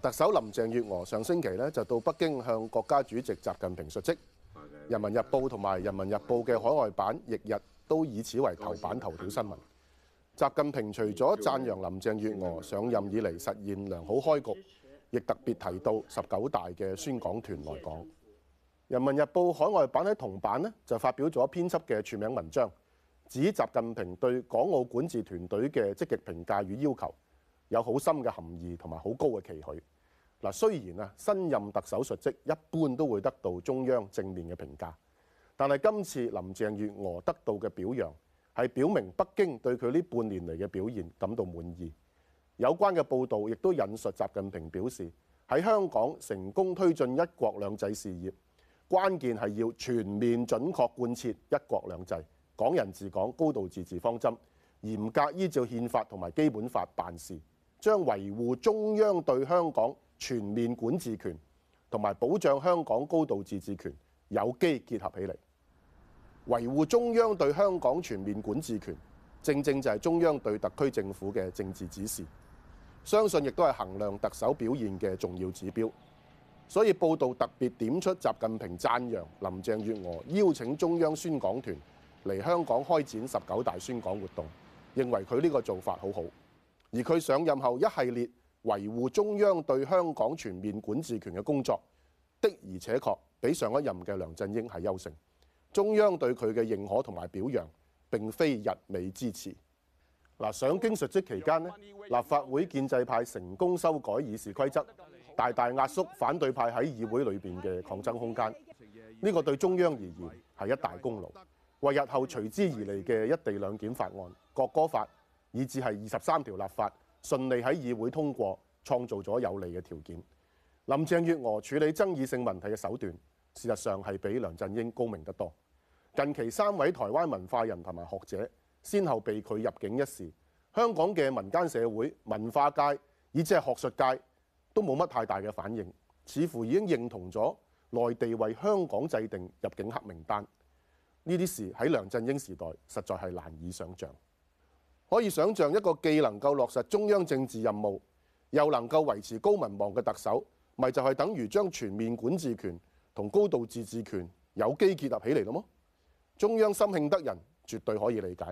特首林鄭月娥上星期咧就到北京向國家主席習近平述職，《人民日報》同埋《人民日報》嘅海外版翌日都以此為頭版頭條新聞。習近平除咗贊揚林鄭月娥上任以嚟實現良好開局，亦特別提到十九大嘅宣講團來港，《人民日報》海外版喺同版咧就發表咗編輯嘅署名文章，指習近平對港澳管治團隊嘅積極評價與要求。有好深嘅含義同埋好高嘅期許。嗱，雖然啊新任特首述職一般都會得到中央正面嘅評價，但係今次林鄭月娥得到嘅表揚係表明北京對佢呢半年嚟嘅表現感到滿意。有關嘅報導亦都引述習近平表示，喺香港成功推進一國兩制事業，關鍵係要全面準確貫徹一國兩制、港人治港、高度自治方針，嚴格依照憲法同埋基本法辦事。將維護中央對香港全面管治權同埋保障香港高度自治權有機結合起嚟，維護中央對香港全面管治權，正正就係中央對特區政府嘅政治指示，相信亦都係衡量特首表現嘅重要指標。所以報道特別點出習近平讚揚林鄭月娥邀請中央宣講團嚟香港開展十九大宣講活動，認為佢呢個做法好好。而佢上任後一系列維護中央對香港全面管治權嘅工作，的而且確比上一任嘅梁振英係優勝。中央對佢嘅認可同埋表揚，並非溢美之詞。嗱，上京述職期間，立法會建制派成功修改議事規則，大大壓縮反對派喺議會裏面嘅抗爭空間。呢、這個對中央而言係一大功勞，為日後隨之而嚟嘅一地兩檢法案、國歌法。以至係二十三條立法順利喺議會通過，創造咗有利嘅條件。林鄭月娥處理爭議性問題嘅手段，事實上係比梁振英高明得多。近期三位台灣文化人同埋學者，先後被拒入境一事，香港嘅民間社會、文化界以至係學術界都冇乜太大嘅反應，似乎已經認同咗內地為香港制定入境黑名單。呢啲事喺梁振英時代，實在係難以想像。可以想象一個既能夠落實中央政治任務，又能夠維持高民望嘅特首，咪就係等於將全面管治權同高度自治權有機結合起嚟咯？中央深慶得人，絕對可以理解。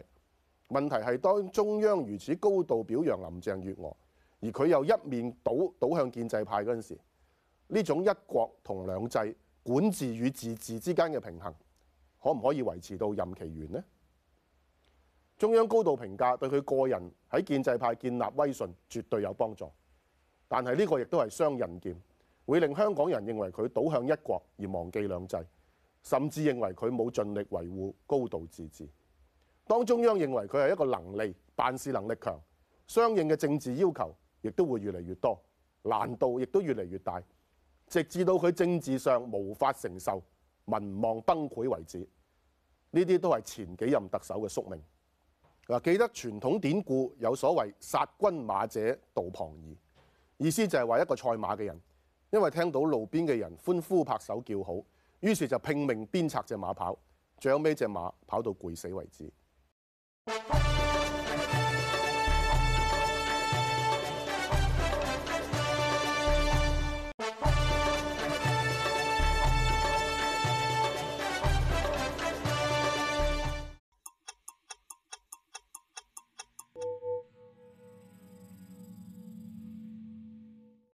問題係當中央如此高度表揚林鄭月娥，而佢又一面倒倒向建制派嗰陣時，呢種一國同兩制管治與自治之間嘅平衡，可唔可以維持到任期完呢？中央高度評價對佢個人喺建制派建立威信絕對有幫助，但係呢個亦都係雙刃劍，會令香港人認為佢倒向一國而忘記兩制，甚至認為佢冇盡力維護高度自治。當中央認為佢係一個能力辦事能力強，相應嘅政治要求亦都會越嚟越多，難度亦都越嚟越大，直至到佢政治上無法承受民望崩潰為止，呢啲都係前幾任特首嘅宿命。記得傳統典故有所謂殺君馬者道旁兒，意思就係話一個賽馬嘅人，因為聽到路邊嘅人歡呼拍手叫好，於是就拼命鞭策隻馬跑，最後尾隻馬跑到攰死為止。